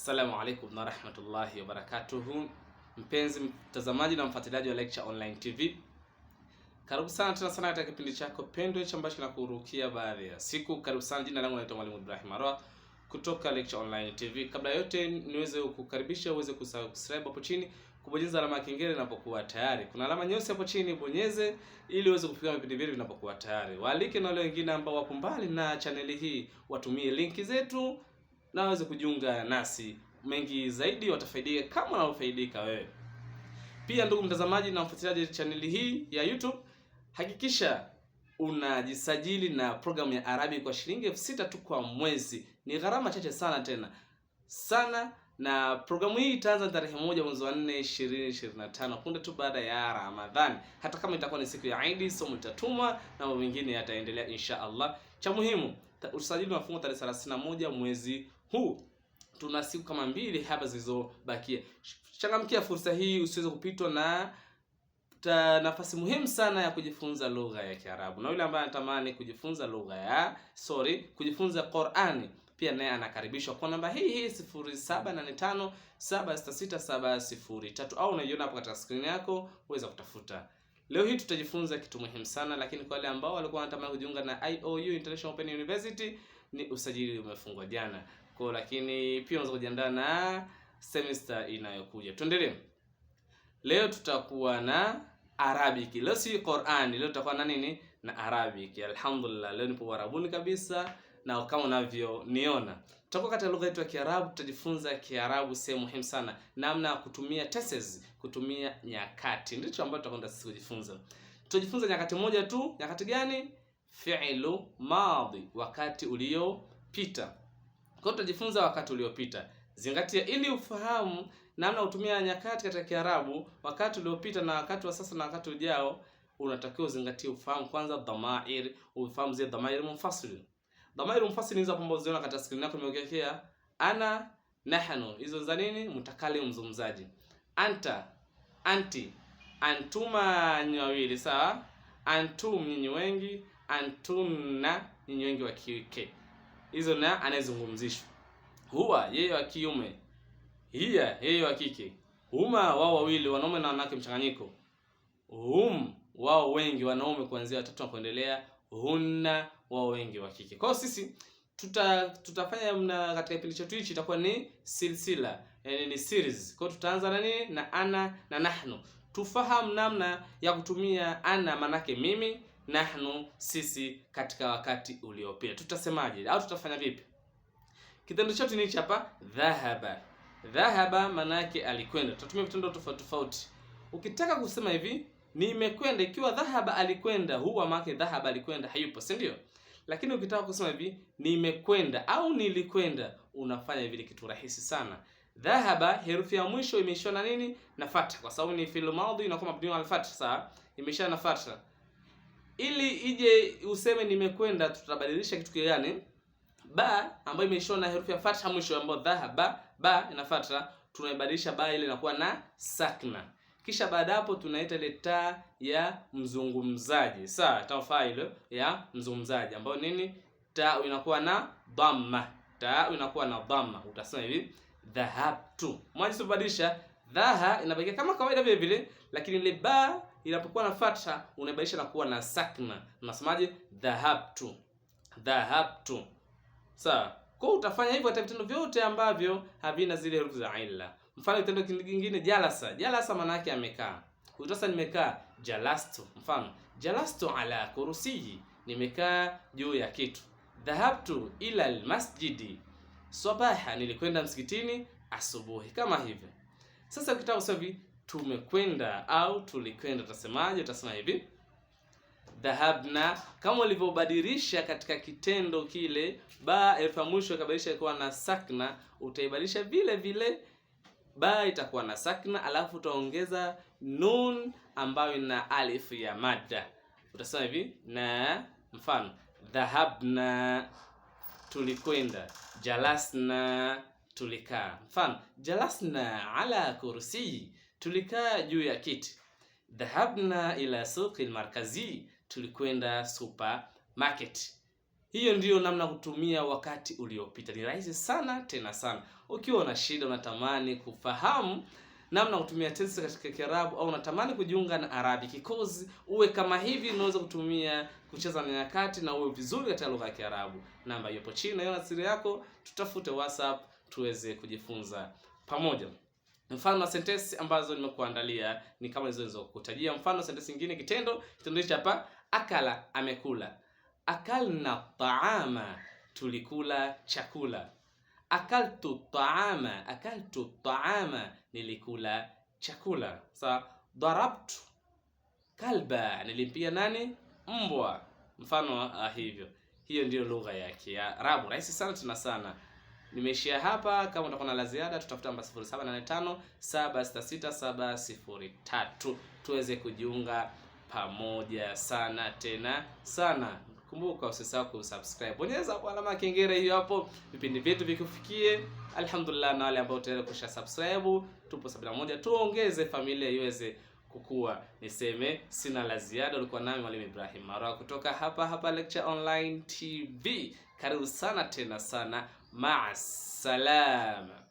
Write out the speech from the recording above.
Assalamu alaikum na rahmatullahi wa barakatuhu, mpenzi mtazamaji na mfuatiliaji wa Lecture Online TV, karibu sana tena sana katika kipindi chako pendwa hicho ambacho kinakurukia baadhi ya siku. Karibu sana, jina langu naitwa Mwalimu Ibrahim Arwa kutoka Lecture Online TV. Kabla yote niweze kukukaribisha uweze kusubscribe hapo chini, kubonyeza alama ya kengele inapokuwa tayari. Kuna alama nyeusi hapo chini, bonyeze ili uweze kufikia vipindi vyetu vinapokuwa tayari. Waalike na wale wengine ambao wapo mbali na chaneli hii, watumie linki zetu na waweze kujiunga nasi. Mengi zaidi watafaidika kama unavyofaidika wewe pia. Ndugu mtazamaji na mfuatiliaji chaneli hii ya YouTube, hakikisha unajisajili na programu ya Arabi kwa shilingi elfu sita tu kwa mwezi. Ni gharama chache sana tena sana, na programu hii itaanza tarehe moja mwezi wa nne ishirini ishirini na tano punde tu baada ya Ramadhani. Hata kama itakuwa ni siku ya Idi, somo litatumwa na mambo mengine yataendelea insha Allah. Cha muhimu usajili unafungwa tarehe 31 mwezi huu. Tuna siku kama mbili hapa zilizobakia. Changamkia fursa hii usiweze kupitwa na ta nafasi muhimu sana ya kujifunza lugha ya Kiarabu, na yule ambaye anatamani kujifunza lugha ya sorry, kujifunza Qur'ani pia naye anakaribishwa kwa namba hii hii tatu au unaiona hapo katika skrini yako, uweza kutafuta Leo hii tutajifunza kitu muhimu sana, lakini kwa wale ambao walikuwa wanatamani kujiunga na IOU International Open University ni usajili umefungwa jana kwa, lakini pia unaweza kujiandaa na semester inayokuja. Tuendelee. Leo tutakuwa na Arabic. Leo si Qur'an, leo tutakuwa na nini? Na Arabic. Alhamdulillah, leo nipo warabuni kabisa na kama unavyoniona tuko katika lugha yetu ya Kiarabu. Tutajifunza Kiarabu sehemu muhimu sana, namna ya kutumia tenses, kutumia nyakati, ndicho ambacho tutakwenda sisi kujifunza. Tutajifunza nyakati moja tu. Nyakati gani? Fi'lu madhi, wakati uliopita. Kwa tutajifunza wakati uliopita. Zingatia ili ufahamu namna kutumia nyakati katika Kiarabu, wakati uliopita na wakati wa sasa na wakati ujao, unatakiwa uzingatie, ufahamu kwanza dhamair, ufahamu zile dhamair munfasil Dhamairi mufasili hizo hapo ambazo katika skrini yako nimekuwekea ana, nahnu, hizo za nini? Mutakalim, mzungumzaji. Anta, anti, antuma nyinyi wawili, sawa? Antum nyinyi wengi, antunna nyinyi wengi wa kike. Hizo na anayezungumzishwa. Huwa yeye wa kiume. Hiya yeye wa kike. Huma wao wawili wanaume na wanawake mchanganyiko. Hum wao wengi wanaume kuanzia watatu na kuendelea hunna wao wengi wa kike. Kwa hiyo sisi tuta, tutafanya mna katika kipindi chetu hichi itakuwa ni silsila, yani ni series. Kwa hiyo tutaanza na nini? Na ana na nahnu. Tufahamu namna ya kutumia ana, manake mimi, nahnu sisi, katika wakati uliopita. Tutasemaje au tutafanya vipi? Kitendo chetu ni hapa, dhahaba. Dhahaba manake alikwenda. Tutatumia vitendo tofauti tofauti. Ukitaka kusema hivi nimekwenda, ikiwa dhahaba alikwenda, huwa maake dhahaba alikwenda, hayupo, si ndio? Lakini ukitaka kusema hivi nimekwenda au nilikwenda, unafanya vile kitu rahisi sana. Dhahaba herufi ya mwisho imeishiwa na nini? Na fatha, kwa sababu ni fil madhi inakuwa mabni al fatha. Sawa, imeisha na fatha. Ili ije useme nimekwenda, tutabadilisha kitu gani? Ba ambayo imeishiwa na herufi ya fatha mwisho, ambayo dhahaba ba ina fatha, tunaibadilisha ba ile inakuwa na sakna kisha baada hapo tunaita ile ta ya mzungumzaji, sawa, ta tafailo ya mzungumzaji ambayo nini, ta inakuwa na dhamma, ta inakuwa na dhamma. Utasema hivi dhahabtu, mwanzo kubadilisha dhaha inabaki kama kawaida vile vile, lakini ile ba inapokuwa na fatha unaibadilisha na kuwa na sakna. Unasemaje? dhahabtu, dhahabtu. Sawa, kwa utafanya hivyo hata vitendo vyote ambavyo havina zile herufi za illa Mfano kitendo kingine jalasa. Jalasa maana yake amekaa. Utasa nimekaa jalastu. Mfano jalastu ala kursiyi, nimekaa juu ya kitu. Dhahabtu ila almasjidi sabaha, nilikwenda msikitini asubuhi. Kama hivyo. Sasa ukitaka kusema hivi tumekwenda au tulikwenda, utasemaje? Utasema hivi dhahabna. Kama ulivyobadilisha katika kitendo kile, ba elfu ya mwisho ikabadilisha kuwa na sakna, utaibadilisha vile vile ba itakuwa na sakna, alafu utaongeza nun ambayo ina alif ya madda. Utasema hivi na mfano, dhahabna tulikwenda, jalasna tulikaa. Mfano, jalasna ala kursi, tulikaa juu ya kiti. Dhahabna ila suqi almarkazi, tulikwenda supermarket. Hiyo ndiyo namna kutumia wakati uliopita. Ni rahisi sana tena sana. Ukiwa una shida, unatamani kufahamu namna kutumia tense katika Kiarabu au unatamani kujiunga na Arabic course, uwe kama hivi, unaweza kutumia kucheza na nyakati na uwe vizuri katika lugha ya Kiarabu. Namba yupo chini na yona siri yako, tutafute WhatsApp tuweze kujifunza pamoja. Mfano wa sentensi ambazo nimekuandalia ni kama hizo kutajia. Mfano sentensi nyingine, kitendo kitendo hichi hapa, akala amekula akalna taama, tulikula chakula. Akaltu taama, akaltu taama, nilikula chakula. Sa darabtu kalba, nilimpia nani? Mbwa. Mfano ah, hivyo. Hiyo ndiyo lugha ya Kiarabu, rahisi sana tena sana. Nimeishia hapa. Kama utakuwa na la ziada, tutafuta namba 0785766703 tuweze kujiunga pamoja sana tena sana. Kumbuka usisahau kusubscribe, bonyeza kwa alama kengele hiyo hapo, vipindi vyetu vikufikie. Alhamdulillah, na wale ambao tayari kusha subscribe, tupo 71 tuongeze familia iweze kukua. Niseme sina la ziada, ulikuwa nami mwalimu Ibrahim Mara kutoka hapa hapa Lecture Online TV. Karibu sana tena sana, maasalama.